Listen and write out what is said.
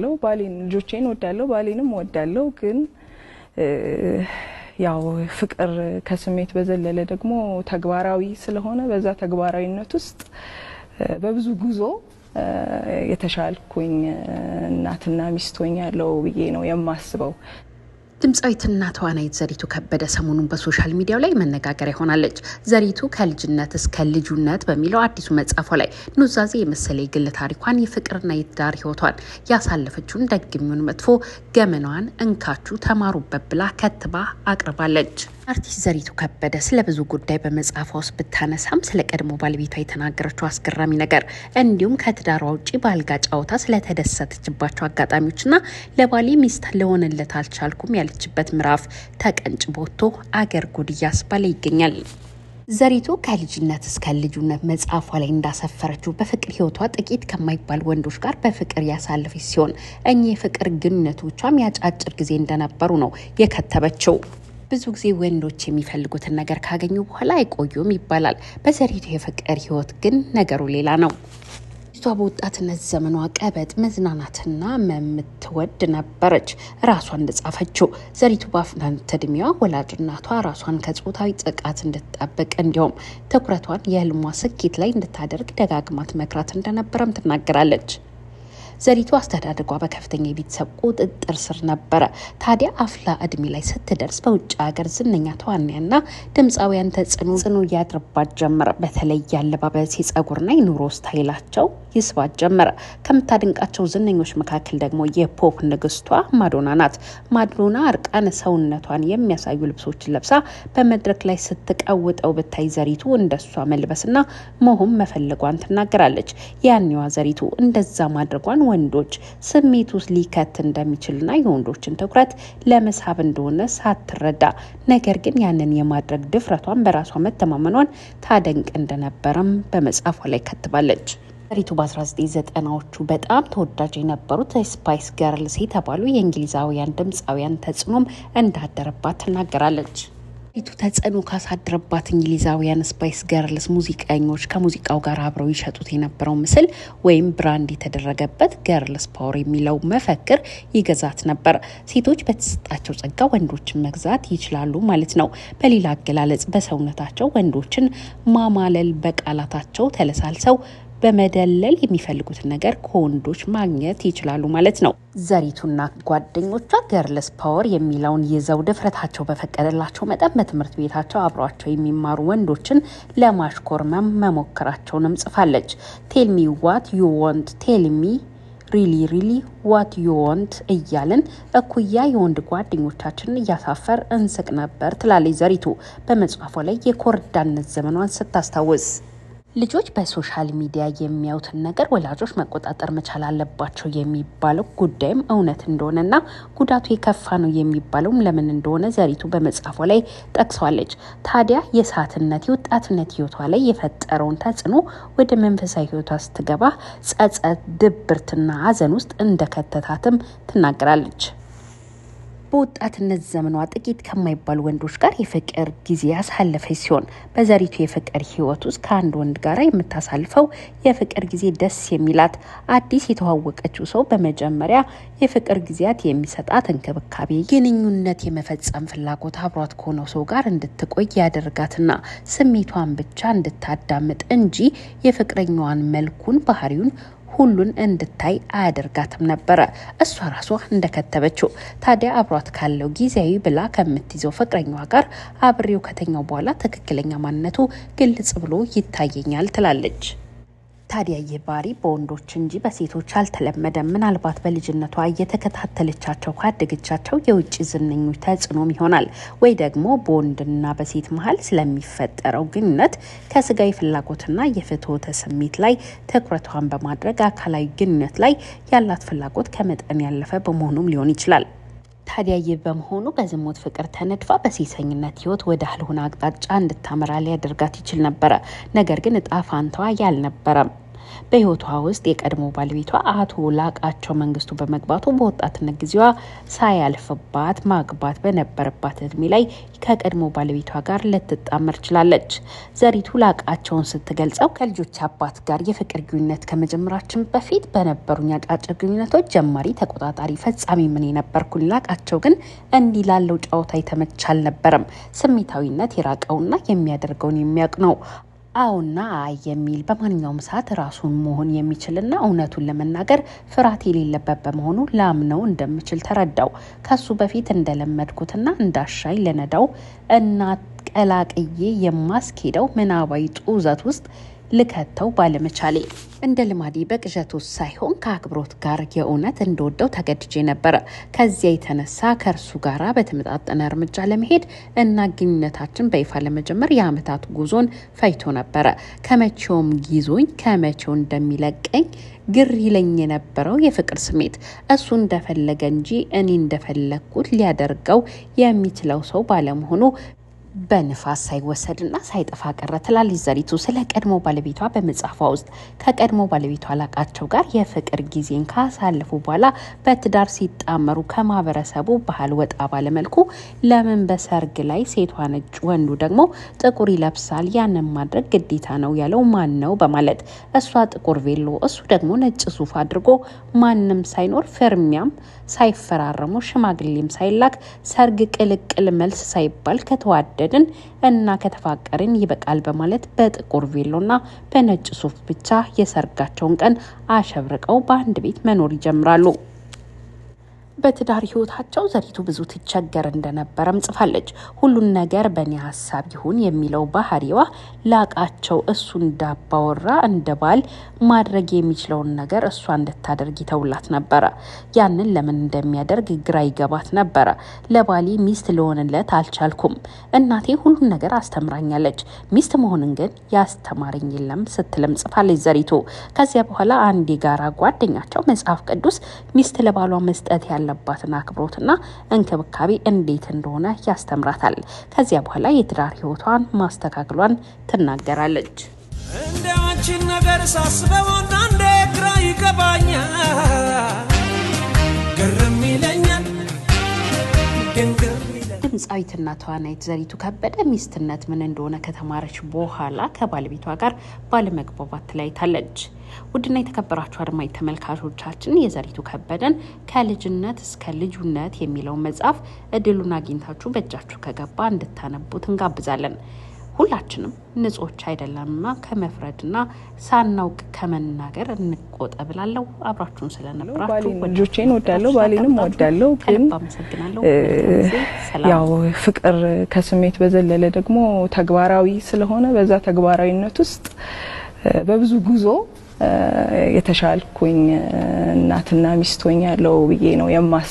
ወዳለው ባሌን ልጆቼን ወዳለው ባሌንም ወዳለው ግን ያው ፍቅር ከስሜት በዘለለ ደግሞ ተግባራዊ ስለሆነ በዛ ተግባራዊነት ውስጥ በብዙ ጉዞ የተሻልኩኝ እናትና ሚስት ሆኛለሁ ብዬ ነው የማስበው። ድምፃዊት እና ተዋናይት ዘሪቱ ከበደ ሰሞኑን በሶሻል ሚዲያው ላይ መነጋገሪያ ሆናለች። ዘሪቱ ከልጅነት እስከ ልጁነት በሚለው አዲሱ መጽሐፏ ላይ ኑዛዜ የመሰለ የግል ታሪኳን፣ የፍቅርና የትዳር ህይወቷን፣ ያሳለፈችውን የሚሆን መጥፎ ገመናዋን እንካችሁ ተማሩበት ብላ ከትባ አቅርባለች። አርቲስት ዘሪቱ ከበደ ስለ ብዙ ጉዳይ በመጽሐፏ ውስጥ ብታነሳም ስለ ቀድሞ ባለቤቷ የተናገረችው አስገራሚ ነገር እንዲሁም ከትዳሯ ውጭ በአልጋ ጨዋታ ስለተደሰተችባቸው አጋጣሚዎችና ለባሌ ሚስት ልሆንለት አልቻልኩም ያለችበት ምዕራፍ ተቀንጭቦ ወጥቶ አገር ጉድ እያስባለ ይገኛል። ዘሪቱ ከልጅነት እስከ ልጁነት መጽሐፏ ላይ እንዳሰፈረችው በፍቅር ህይወቷ ጥቂት ከማይባል ወንዶች ጋር በፍቅር ያሳለፈች ሲሆን እኚህ የፍቅር ግንኙነቶቿም ያጫጭር ጊዜ እንደነበሩ ነው የከተበችው። ብዙ ጊዜ ወንዶች የሚፈልጉትን ነገር ካገኙ በኋላ አይቆዩም ይባላል። በዘሪቱ የፍቅር ህይወት ግን ነገሩ ሌላ ነው። ቷ በወጣትነት ዘመኗ ቀበጥ መዝናናትና መምትወድ ነበረች። ራሷን እንደጻፈችው ዘሪቱ በአፍናንት እድሜዋ ወላጅ እናቷ ራሷን ከጾታዊ ጥቃት እንድትጠብቅ እንዲሁም ትኩረቷን የህልሟ ስኬት ላይ እንድታደርግ ደጋግማት መክራት እንደነበረም ትናገራለች። ዘሪቱ አስተዳደጓ በከፍተኛ የቤተሰብ ቁጥጥር ስር ነበረ። ታዲያ አፍላ እድሜ ላይ ስትደርስ በውጭ ሀገር ዝነኛ ተዋናያንና ድምፃውያን ተጽዕኖ ጽኑ እያድርባት ጀመረ። በተለይ ያለባበስ፣ የጸጉርና የኑሮ ስታይላቸው ይስባት ጀመረ። ከምታድንቃቸው ዝነኞች መካከል ደግሞ የፖፕ ንግስቷ ማዶና ናት። ማዶና እርቃን ሰውነቷን የሚያሳዩ ልብሶችን ለብሳ በመድረክ ላይ ስትቀውጠው ብታይ ዘሪቱ እንደሷ መልበስና መሆን መፈለጓን ትናገራለች። ያኔዋ ዘሪቱ እንደዛ ማድረጓን ወንዶች ስሜት ውስጥ ሊከት እንደሚችልና የወንዶችን ትኩረት ለመሳብ እንደሆነ ሳትረዳ ነገር ግን ያንን የማድረግ ድፍረቷን በራሷ መተማመኗን ታደንቅ እንደነበረም በመጽሐፏ ላይ ከትባለች። ሪቱ በ1990ዎቹ በጣም ተወዳጅ የነበሩት ስፓይስ ገርልስ የተባሉ የእንግሊዛውያን ድምፃውያን ተጽዕኖም እንዳደረባት ትናገራለች። ሪቱ ተጽዕኖ ካሳደረባት እንግሊዛውያን ስፓይስ ገርልስ ሙዚቀኞች ከሙዚቃው ጋር አብረው ይሸጡት የነበረው ምስል ወይም ብራንድ የተደረገበት ገርልስ ፓወር የሚለው መፈክር ይገዛት ነበር። ሴቶች በተሰጣቸው ጸጋ ወንዶችን መግዛት ይችላሉ ማለት ነው። በሌላ አገላለጽ በሰውነታቸው ወንዶችን ማማለል በቃላታቸው ተለሳልሰው በመደለል የሚፈልጉትን ነገር ከወንዶች ማግኘት ይችላሉ ማለት ነው። ዘሪቱና ጓደኞቿ ገርለስ ፓወር የሚለውን ይዘው ድፍረታቸው በፈቀደላቸው መጠን በትምህርት ቤታቸው አብሯቸው የሚማሩ ወንዶችን ለማሽኮርመም መሞከራቸውንም ጽፋለች። ቴልሚ ዋት ዩ ወንት ቴልሚ ሪሊ ሪሊ ዋት ዩ ወንት እያልን እኩያ የወንድ ጓደኞቻችንን እያሳፈር እንስቅ ነበር ትላለች ዘሪቱ በመጽሐፏ ላይ የኮርዳነት ዘመኗን ስታስታውስ። ልጆች በሶሻል ሚዲያ የሚያዩትን ነገር ወላጆች መቆጣጠር መቻል አለባቸው የሚባለው ጉዳይም እውነት እንደሆነ እና ጉዳቱ የከፋ ነው የሚባለውም ለምን እንደሆነ ዘሪቱ በመጽሐፏ ላይ ጠቅሷለች። ታዲያ የእሳትነት የወጣትነት ህይወቷ ላይ የፈጠረውን ተጽዕኖ ወደ መንፈሳዊ ህይወቷ ስትገባ ጸጸት፣ ድብርትና ሀዘን ውስጥ እንደከተታትም ትናገራለች። በወጣትነት ዘመኗ ጥቂት ከማይባሉ ወንዶች ጋር የፍቅር ጊዜ ያሳለፈች ሲሆን በዘሪቱ የፍቅር ህይወት ውስጥ ከአንድ ወንድ ጋር የምታሳልፈው የፍቅር ጊዜ ደስ የሚላት አዲስ የተዋወቀችው ሰው በመጀመሪያ የፍቅር ጊዜያት የሚሰጣት እንክብካቤ፣ ግንኙነት የመፈጸም ፍላጎት አብሯት ከሆነው ሰው ጋር እንድትቆይ ያደርጋትና ስሜቷን ብቻ እንድታዳምጥ እንጂ የፍቅረኛዋን መልኩን ባህሪውን ሁሉን እንድታይ አያደርጋትም ነበረ። እሷ ራሷ እንደከተበችው ታዲያ አብሯት ካለው ጊዜያዊ ብላ ከምትይዘው ፍቅረኛዋ ጋር አብሬው ከተኛው በኋላ ትክክለኛ ማንነቱ ግልጽ ብሎ ይታየኛል ትላለች። ታዲያ ይህ ባህሪ በወንዶች እንጂ በሴቶች አልተለመደም። ምናልባት በልጅነቷ እየተከታተለቻቸው ካደገቻቸው የውጭ ዝንኞች ተጽዕኖም ይሆናል ወይ ደግሞ በወንድና በሴት መሀል ስለሚፈጠረው ግንኙነት ከስጋዊ ፍላጎትና የፍትወተ ስሜት ላይ ትኩረቷን በማድረግ አካላዊ ግንኙነት ላይ ያላት ፍላጎት ከመጠን ያለፈ በመሆኑም ሊሆን ይችላል። ታዲያ ይህ በመሆኑ በዝሙት ፍቅር ተነድፋ በሴሰኝነት ህይወት ወደ አልሆነ አቅጣጫ እንድታመራ ሊያደርጋት ይችል ነበረ። ነገር ግን እጣ ፋንታዋ ያልነበረም በህይወቷ ውስጥ የቀድሞ ባለቤቷ አቶ ላቃቸው መንግስቱ በመግባቱ በወጣትነት ጊዜዋ ሳያልፍባት ማግባት በነበረባት እድሜ ላይ ከቀድሞ ባለቤቷ ጋር ልትጣመር ችላለች። ዘሪቱ ላቃቸውን ስትገልጸው ከልጆች አባት ጋር የፍቅር ግንኙነት ከመጀመራችን በፊት በነበሩኝ አጫጭር ግንኙነቶች ጀማሪ፣ ተቆጣጣሪ፣ ፈጻሚ ምን የነበርኩን ላቃቸው ግን እንዲህ ላለው ጨዋታ የተመቻ አልነበረም። ስሜታዊነት የራቀውና የሚያደርገውን የሚያውቅ ነው። አዎና አይ የሚል በማንኛውም ሰዓት ራሱን መሆን የሚችልና እውነቱን ለመናገር ፍርሃት የሌለበት በመሆኑ ላምነው እንደምችል ተረዳው። ከሱ በፊት እንደለመድኩትና እንዳሻኝ ለነዳው እና ቀላቅዬ የማስኬደው ምናባዊ ጡዘት ውስጥ ልከተው ባለመቻሌ እንደ ልማዴ በቅዠቱ ሳይሆን ከአክብሮት ጋር የእውነት እንደወደው ተገድጄ ነበረ። ከዚያ የተነሳ ከእርሱ ጋር በተመጣጠነ እርምጃ ለመሄድ እና ግንኙነታችን በይፋ ለመጀመር የአመታት ጉዞን ፈይቶ ነበረ። ከመቼውም ጊዞኝ ከመቼው እንደሚለቀኝ ግር ይለኝ የነበረው የፍቅር ስሜት እሱ እንደፈለገ እንጂ እኔ እንደፈለግኩት ሊያደርገው የሚችለው ሰው ባለመሆኑ በንፋስ ሳይወሰድና ሳይጠፋ ቀረ ትላለች ዘሪቱ ስለ ቀድሞ ባለቤቷ በመጽሐፏ ውስጥ። ከቀድሞ ባለቤቷ አላቃቸው ጋር የፍቅር ጊዜን ካሳለፉ በኋላ በትዳር ሲጣመሩ ከማህበረሰቡ ባህል ወጣ ባለመልኩ ለምን በሰርግ ላይ ሴቷ ነጭ፣ ወንዱ ደግሞ ጥቁር ይለብሳል? ያንን ማድረግ ግዴታ ነው ያለው ማን ነው? በማለት እሷ ጥቁር ቬሎ፣ እሱ ደግሞ ነጭ ሱፍ አድርጎ ማንም ሳይኖር ፍርሚያም ሳይፈራረሙ ሽማግሌም ሳይላክ ሰርግ ቅልቅል መልስ ሳይባል ከተዋደድን እና ከተፋቀርን ይበቃል በማለት በጥቁር ቬሎና በነጭ ሱፍ ብቻ የሰርጋቸውን ቀን አሸብርቀው በአንድ ቤት መኖር ይጀምራሉ። በትዳር ህይወታቸው ዘሪቱ ብዙ ትቸገር እንደነበረም ጽፋለች። ሁሉን ነገር በእኔ ሀሳብ ይሁን የሚለው ባህሪዋ ላቃቸው። እሱ እንዳባወራ እንደ ባል ማድረግ የሚችለውን ነገር እሷ እንድታደርግ ይተውላት ነበረ። ያንን ለምን እንደሚያደርግ ግራ ይገባት ነበረ። ለባሌ ሚስት ልሆንለት አልቻልኩም። እናቴ ሁሉን ነገር አስተምራኛለች፣ ሚስት መሆንን ግን ያስተማረኝ የለም ስትልም ጽፋለች ዘሪቱ። ከዚያ በኋላ አንድ የጋራ ጓደኛቸው መጽሐፍ ቅዱስ ሚስት ለባሏ መስጠት ያለ ያለባትን አክብሮትና እንክብካቤ እንዴት እንደሆነ ያስተምራታል። ከዚያ በኋላ የትዳር ህይወቷን ማስተካከሏን ትናገራለች። እንደ ነገር ሳስበውና እንደ ግራ ይገባኛል፣ ግርም ይለኛል ድምፃዊትና ተዋናይት ዘሪቱ ከበደ ሚስትነት ምን እንደሆነ ከተማረች በኋላ ከባለቤቷ ጋር ባለመግባባት ተለያይታለች። ውድና የተከበራችሁ አድማጭ ተመልካቾቻችን የዘሪቱ ከበደን ከልጅነት እስከ ልጁነት የሚለው መጽሐፍ እድሉን አግኝታችሁ በእጃችሁ ከገባ እንድታነቡት እንጋብዛለን። ሁላችንም ንጹዎች አይደለምና ከመፍረድና ሳናውቅ ከመናገር እንቆጠ እላለሁ። አብራችሁን ስለነበራችሁ ልጆቼን ወዳለሁ፣ ባሌንም ወዳለሁ። ግን ያው ፍቅር ከስሜት በዘለለ ደግሞ ተግባራዊ ስለሆነ በዛ ተግባራዊነት ውስጥ በብዙ ጉዞ የተሻልኩኝ እናትና ሚስቶኝ ያለው ብዬ ነው የማስ